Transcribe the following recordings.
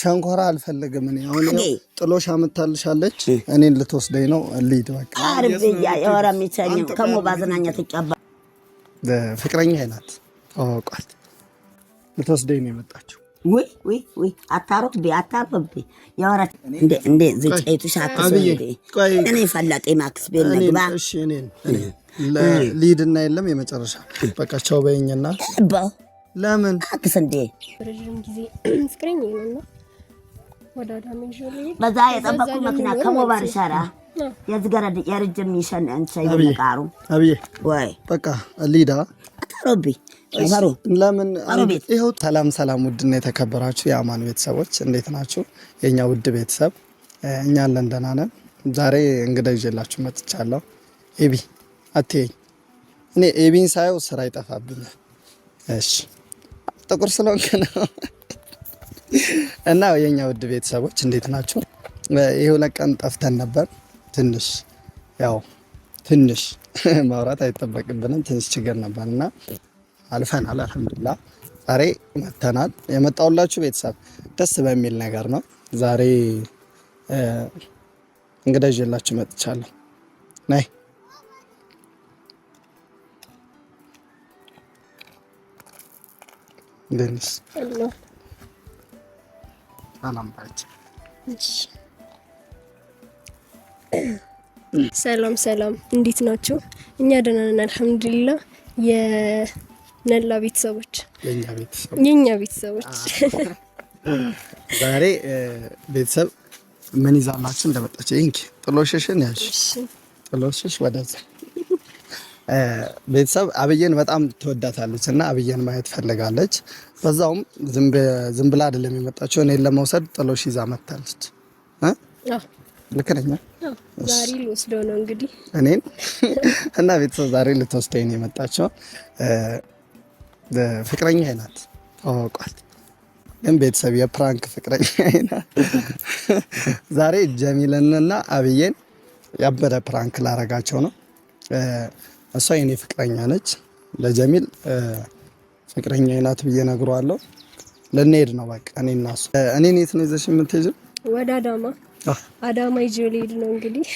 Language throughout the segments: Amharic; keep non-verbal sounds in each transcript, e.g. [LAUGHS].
ሸንኮራ አልፈለግም። እኔ አሁን ጥሎሽ አምታልሻለች። እኔን ልትወስደኝ ነው። ልሂድ በቃ። አርብያ የወራ የሚሰኘው ከሞ ባዝናኛ ትጫባ ፍቅረኛ አይናት ተዋውቋል። ልትወስደኝ ነው የመጣችው። ውይ ውይ ውይ፣ አታሩት ቤ አታሩት ቤ እንዴ እንዴ ዝጨይቱ ሻክስ እኔ ፈላጤ ማክስ ቤ ልግባ። እሺ እኔን ልሂድና የለም የመጨረሻ በቃ ቻው በይኝና ለምን አክስ እንዴ ረዥም ጊዜ ፍቅረኛ [CLEARS THROAT] ነው በዛ የጠበቁ መኪና ከሞባር ይሰራ የዝገረድ የርጅ የሚሸን አንቸ የሚቃሩ አብዬ ወይ በቃ ሊዳ ቀጠሮብኝ ለምን ይኸው። ሰላም ሰላም! ውድና የተከበራችሁ የአማን ቤተሰቦች እንዴት ናችሁ? የእኛ ውድ ቤተሰብ እኛ አለን ደህና ነን። ዛሬ እንግዳ ይዤላችሁ መጥቻለሁ። ኤቢ አትየኝ። እኔ ኤቢን ሳየው ስራ ይጠፋብኛል። እሺ ጥቁር ስለሆንክ ነው እና የኛ ውድ ቤተሰቦች እንዴት ናቸው? የሁለት ቀን ጠፍተን ነበር። ትንሽ ያው ትንሽ [LAUGHS] ማውራት አይጠበቅብንም። ትንሽ ችግር ነበር እና አልፈናል። አልሐምዱላ ዛሬ መተናል። የመጣሁላችሁ ቤተሰብ ደስ በሚል ነገር ነው። ዛሬ እንግዳ ይዤላችሁ መጥቻለሁ። ነይ ሰላም ባቸው። ሰላም ሰላም፣ እንዴት ናችሁ? እኛ ደህና ነን አልሐምዱሊላህ። የነላ ቤተሰቦች የእኛ ቤተሰቦች [LAUGHS] ዛሬ ቤተሰብ ምን ይዛላችሁ እንደመጣችሁ? ይንኪ ጥሎሽሽን ያልሽ ጥሎሽሽ ወደዛ ቤተሰብ አብዬን በጣም ትወዳታለች እና አብዬን ማየት ፈልጋለች። በዛውም ዝም ብላ አይደለም የመጣችው እኔን ለመውሰድ ጥሎሽ ይዛ መታለች። ልክ ነኝ። ዛሬ ልወስደው ነው እንግዲህ እኔን [LAUGHS] እና ቤተሰብ ዛሬ ልትወስደኝ ነው የመጣችው። ፍቅረኛ አይናት ታወቋል። ግን ቤተሰብ የፕራንክ ፍቅረኛ አይናት። [LAUGHS] ዛሬ ጀሚልንና አብዬን ያበደ ፕራንክ ላረጋቸው ነው። እሷ የኔ ፍቅረኛ ነች። ለጀሚል ፍቅረኛ ናት ብዬ ነግሯለሁ። ልንሄድ ነው በቃ እኔ እና እሱ። እኔን የት ነው ይዘሽ የምትሄጂው? ወደ አዳማ። አዳማ ይዤ ልሄድ ነው እንግዲህ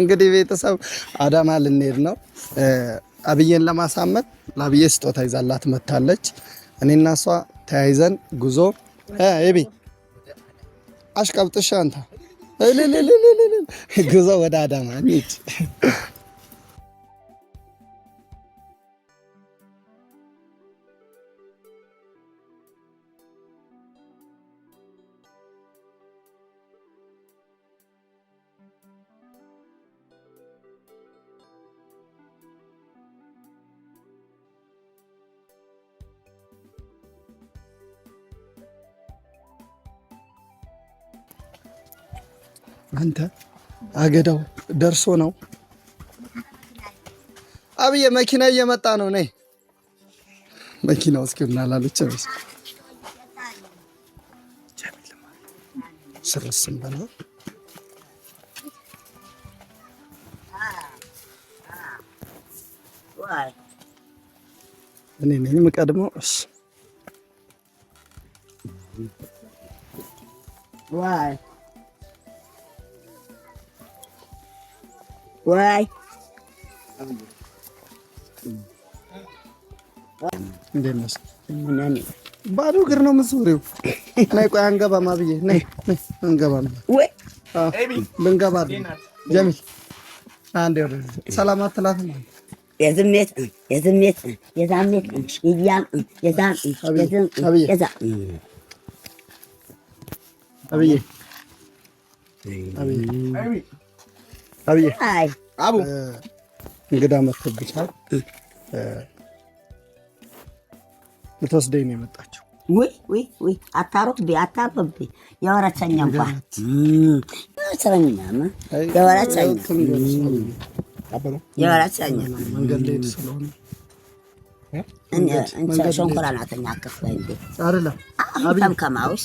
እንግዲህ ቤተሰብ አዳማ ልንሄድ ነው። አብዬን ለማሳመን ለአብዬ ስጦታ ይዛላት መታለች። እኔ እና እሷ ተያይዘን ጉዞ ቢ አሽቀብጥሻ አንተ ጉዞ ወደ አዳማ እንሂድ። አንተ አገዳው ደርሶ ነው። አብዬ መኪና እየመጣ ነው። ነይ መኪናው እስኪ እናላለች ምናላለች ስርስም በላ እኔ ነኝ የምቀድመው። እሺ ወይ ባዶ እግር ነው የምትዞሪው? ነይ ቆይ አንገባም፣ አብዬ ነይ አንገባም። ወይ ብንገባ ጀሚል አንዴ ሰላም አትላትም የዝሜት የዝሜት የዛሜት የዚያም የዛም አብዬ አብዬ አቡ እንግዳ መጥቶብሻል። ልትወስደኝ ነው የመጣችው። ውይ ውይ ውይ አታሩቅብኝ፣ አታሩቅብኝ። የወረተኛ ባት የወረተኛ የወረተኛ መንገድ ላይ ስለሆነ ሸንኮራ ናተኛ ክፍለ እንዴ አይደለም ከማውስ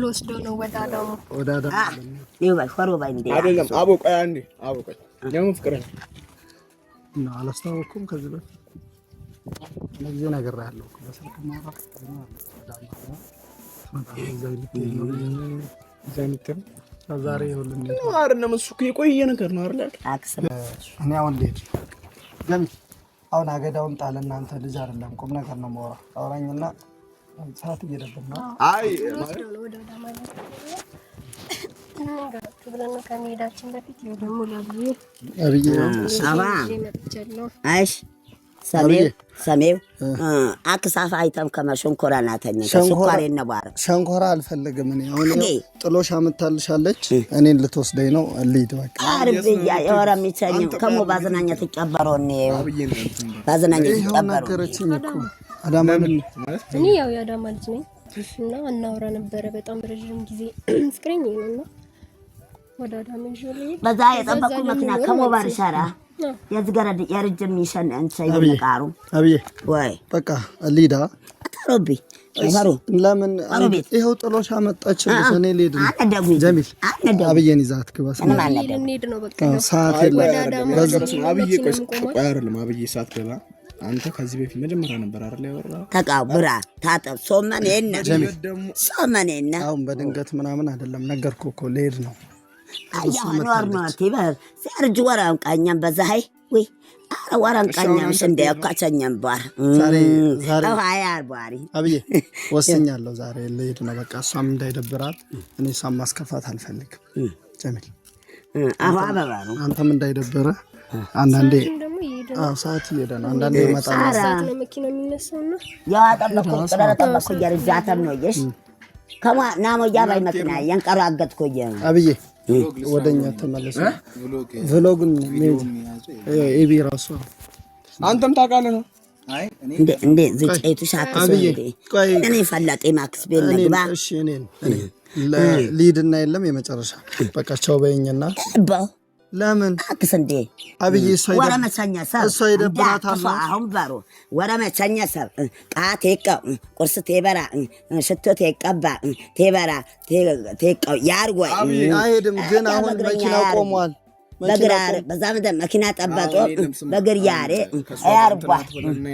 ልወስዶ አሁን ልሄድ ገሚ፣ አገዳውን ጣል። እናንተ ልጅ አይደለም ቁም ነገር ነው ማውራት አውራኝና ሰዓት እየደብን ነው። አይ ከመሄዳችን በፊት ደግሞ ሰሜው አክሳፍ አይተም ከመሸንኮራ ናተኛ ሽኳሬ ነባር ሸንኮራ አልፈልግም። እኔ አሁን ጥሎሽ አምታልሻለች። እኔን ልትወስደኝ ነው። ልሂድ በቃ አርብያ የወረ የሚቸኝ ከሞ ባዝናኛ ትጨበረው ባዝናኛ ትጨበረው አዳማ እኔ ያው የአዳማ ልጅ ነኝ እና እናውራ ነበረ በጣም ረዥም ጊዜ [CLEARS THROAT] ፍቅረኛ ነው ወደ አዳማ ይዤው በዛ የጠበቁ መኪና ከሞባር ሻራ የዝገረ የርጅም ይሸን እንቻ ይብቃሩ አብዬ ወይ በቃ ሊዳ ቀረብ ለምን ይኸው ጥሎሽ አመጣች። እኔ ልሄድ ነው። ጀሚል አብዬን ይዛት ግባ። ሰዓት የለም። አብዬ ቆይ አይደለም። አብዬ ሰዓት ገባ አንተ ከዚህ በፊት መጀመሪያ ነበር አይደል ያወራ ተቃው ብራ ታጠብ ሶመን የነ ሶመን የነ አሁን በድንገት ምናምን አይደለም ነገርኩ እኮ ልሄድ ነው አያኖር ማለት ይበል ሲያርጅ ወራንቃኛም በዛሀይ ወይ አረ ወራንቃኛም ስንዴ ያካቸኛም ባር ሀያር ባሪ አብዬ ወስኛለሁ። ዛሬ ልሄድ ነው በቃ እሷም እንዳይደብራት እኔ እሷም ማስከፋት አልፈልግም። ጀሚል አሁ አበባ ነው አንተም እንዳይደብረ አንዳንዴ ሰዓት እየሄደ ነው። አንዳንድ ይመጣል። መኪና የሚነሳው ነው። ያው አጠበቅኩ ቅደረ ጠበቅኩ እያለ ዛተም ነው እየሽ ከማ ናሞያ ባይ መኪና የንቀሩ አገጥኩ እየ አብዬ ወደኛ ተመለሰ። ቭሎግን ኤቢ ራሱ አንተም ታውቃለህ ነው እንዴ ዘጨቱ ሳትሰእኔ ፈላጤ ማክስ ቤት ነግባ ሊድና የለም የመጨረሻ በቃ ቻው በይኝና ለምን አክስ እንዴ አብይ ወረመቸኛ ሰብ እሷ ይደብራት አለ አሁን በሩ መቻኛ ሰብ ቃ ቴቀው ቁርስ ቴበራ ሽቶ ቴቀባ ቴበራ ቴቀው ያርጎ አይሄድም። ግን አሁን መኪና ቆሟል። በግራር በዛ ምደ መኪና ጠበጦ በግር ያሬ አያርቧል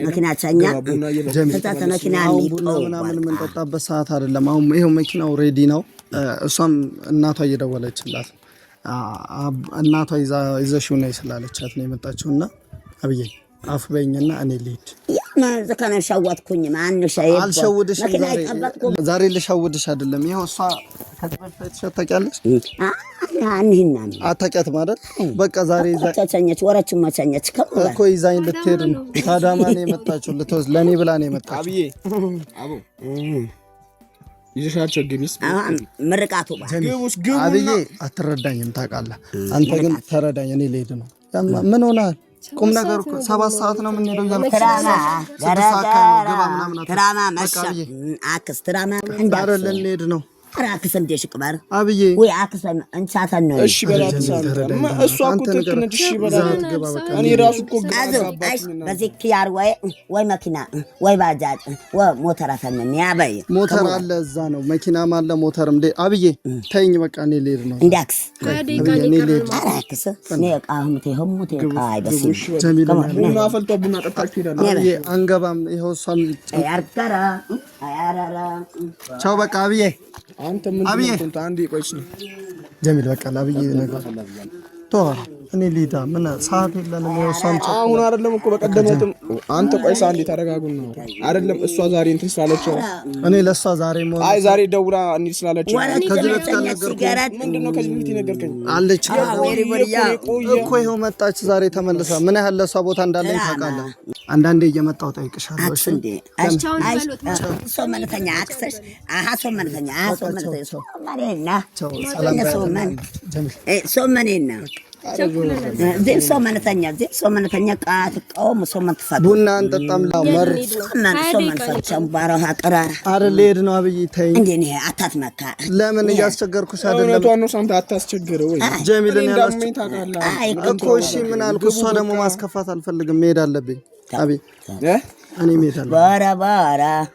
መኪናቸኛ ተታተ መኪና የሚቀው ምናምን የምንጠጣበት ሰዓት አይደለም። አሁን ይሄው መኪናው ሬዲ ነው። እሷም እናቷ እየደወለችላት እናቷ ይዘሽው ነይ ስላለቻት ነው የመጣችው። እና አብዬ እኔ ልሂድ። ዛሬ ልሸውድሽ አይደለም። ይኸው እሷ አታውቂያትም አይደል? በቃ ዛሬ እኮ ይዛኝ ልትሄድ ነው። ታዳማ ነው የመጣችው፣ ለእኔ ብላ ነው የመጣችው። ይዘሻቸው ግቢ ምርቃቱ አብዬ አትረዳኝም፣ ታውቃለህ። አንተ ግን ተረዳኝ። እኔ ልሄድ ነው። ምን ሆናል? ቁም ነገር ሰባት ሰዓት ነው የምንሄደው። ትራማ መሻ አክስ ትራማ ልንሄድ ነው ኧረ አክሰም ደሽ ቅበር አብዬ ወይ አክሰም እንሳተን ነው። እሺ በዚህ ኪያር ወይ ወይ መኪና ወይ ባጃጅ ወይ ሞተር አፈነን ያበይ ሞተር አለ እዛ ነው መኪናም አለ ሞተርም። እንዴ አብዬ ተይኝ በቃ እኔ ልሄድ ነው። እንዳክስ እኔ ልሄድ ኧረ አክስ እኔ ቃሁም ተይሁም ተይቃ አይበስም ቡና አፈልቶ ቡና ጠጣችሁ ይላል። አንገባም። ይኸው እሷም ቻው በቃ አብዬ አንተ ምን አንዴ ቆይ ጀሚል በቃ ለአብይ ነገር ተዋል እኔ ሊዳ ምን ሰዓት የለንም። አሁን አይደለም እኮ በቀደም አንተ ቆይ ሰዓት እንዴት አደረጋጉን ነው አይደለም? እሷ ዛሬ እንትን ስላለች እኔ ለእሷ ዛሬ ሞ አይ ዛሬ ደውላ እንሂድ ስላለች ከዚህ በፊት አልነገርኩህም? ምንድን ነው ከዚህ በፊት የነገርከኝ አለች እኮ ይኸው መጣች ዛሬ ተመልሳ። ምን ያህል ለእሷ ቦታ እንዳለኝ ታውቃለህ? አንዳንዴ እየመጣሁ እጠይቅሻለሁ። እሺ ሶመኔና እዚህም ሰው መነተኛ እዚህም ሰው መነተኛ ቃት ቀውም ሰው መንፈሳት ቡና እንጠጣም ላመር ሰው መንፈሳት ሸንባራው አቀራ አረ ልሄድ ነው አብይ ተይ እንዴ እኔ አታትመካ ለምን እያስቸገርኩሽ አይደለም ቷን ነው ሳምታ አታስቸግር ወይ ጀሚልን ያላችሁ እኮ እሺ ምን አልኩ እሷ ደግሞ ማስከፋት አልፈልግም መሄድ አለብኝ አብይ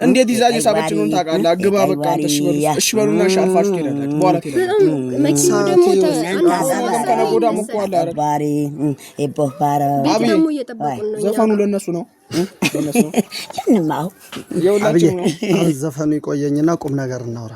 እንዴት ይዛ እየሳበችው ነው ታውቃለህ? አግባ በቃ እሺ በሉ እሺ በሉና ዘፈኑ ለነሱ ነው። [LAUGHS] ዘፈኑ ይቆየኝና ቁም ነገር እናውራ።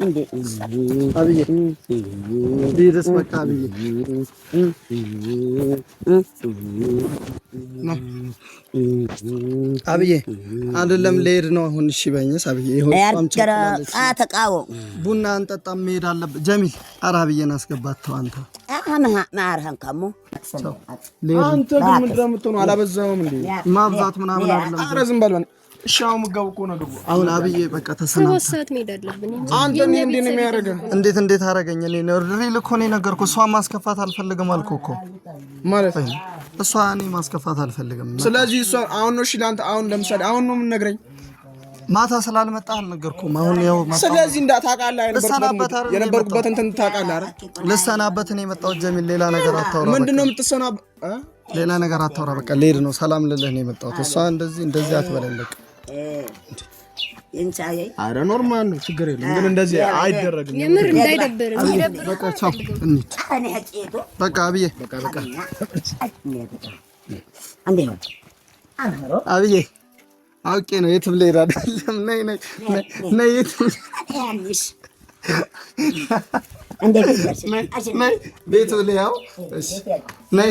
አብዬ አይደለም ልሄድ ነው አሁን። እሺ በኝስ አብዬ ተቃወ ቡና እንጠጣም መሄድ አለብን። ጀሚል ኧረ አብዬን አስገባት ተው አንተ። አንተ ግን ምንድን ነው የምትሆነው? አላበዛውም እንዴ ማብዛት ምናምን አይደለም። ኧረ ዝም በል በል እሺ አሁን ምጋቡ እኮ ነው ግቡ። አሁን አብዬ በቃ ተሰናብታ ሰባት ሰዓት መሄድ አንተ እኔ እንዴት ነው የሚያደርገህ? እንዴት እንዴት አደረገኝ? እኔ ነው ሪል እኮ ነው ነገርኩ። እሷን ማስከፋት አልፈልግም አልኩህ እኮ ማለት ነው። እሷ እኔ ማስከፋት አልፈልግም። ስለዚህ እሷ አሁን ነው እሺ፣ ለአንተ አሁን ለምሳሌ አሁን ነው የምንነግረኝ ማታ ስላልመጣ አልነገርኩም። አሁን ያው ስለዚህ እንዳ ታውቃለህ፣ የነበርኩበት እንትን ታውቃለህ አይደል? ልሰናበት እኔ የመጣሁት። ጀሚል ሌላ ነገር አታውራ። ምንድን ነው የምትሰናበት? ሌላ ነገር አታውራ። በቃ ልሄድ ነው፣ ሰላም ልልህ ነው የመጣሁት። እሷ እንደዚህ እንደዚህ አትበለልቅ አረ ኖርማል ነው፣ ችግር የለም። ግን እንደዚህ አይደረግም። በቃ አብዬ፣ አብዬ አውቄ ነው የትም ልሄድ አይደለም። ነይ ነይ ነይ፣ ነይ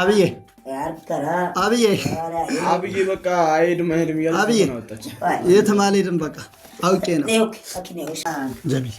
አብዬ አብዬ አብዬ በቃ አይሄድም አይሄድም እያለ አብዬ የትም አልሄድም በቃ አውቄ ነው ጀሚል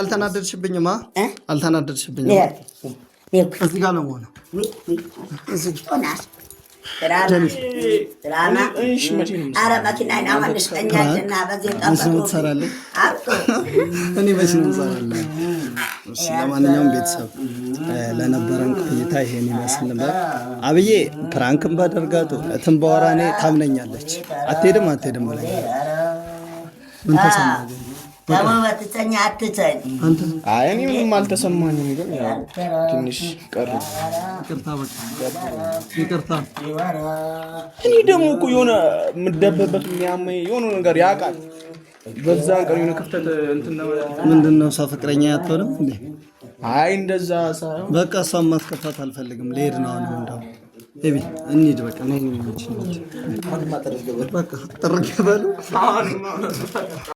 አልተናደድሽብኝማ? አልተናደድሽብኝማ? እዚህ ቤተሰብ ለነበረን ቆይታ ይሄን ይመስል ነበር። አብዬ ፕራንክን ባደርጋቱ እትን በወራኔ ታምነኛለች። አትሄድም አትሄድም ብለኛል። ምን ተሰማ? ለመበትተኛ አትተን። አይ አልተሰማኝም፣ ግን ትንሽ ቀረ። እኔ ደግሞ እኮ የሆነ የምደበበት የሚያመኝ የሆነ ነገር ያውቃል። በዛን ቀን የሆነ ክፍተት ምንድን ነው እሷ ፍቅረኛ ያትሆንም እንዴ? አይ እንደዛ ሳይሆን በቃ እሷን ማስከፋት አልፈልግም። ልሄድ ነው አሁን እንደው እንሂድ በቃ ነው።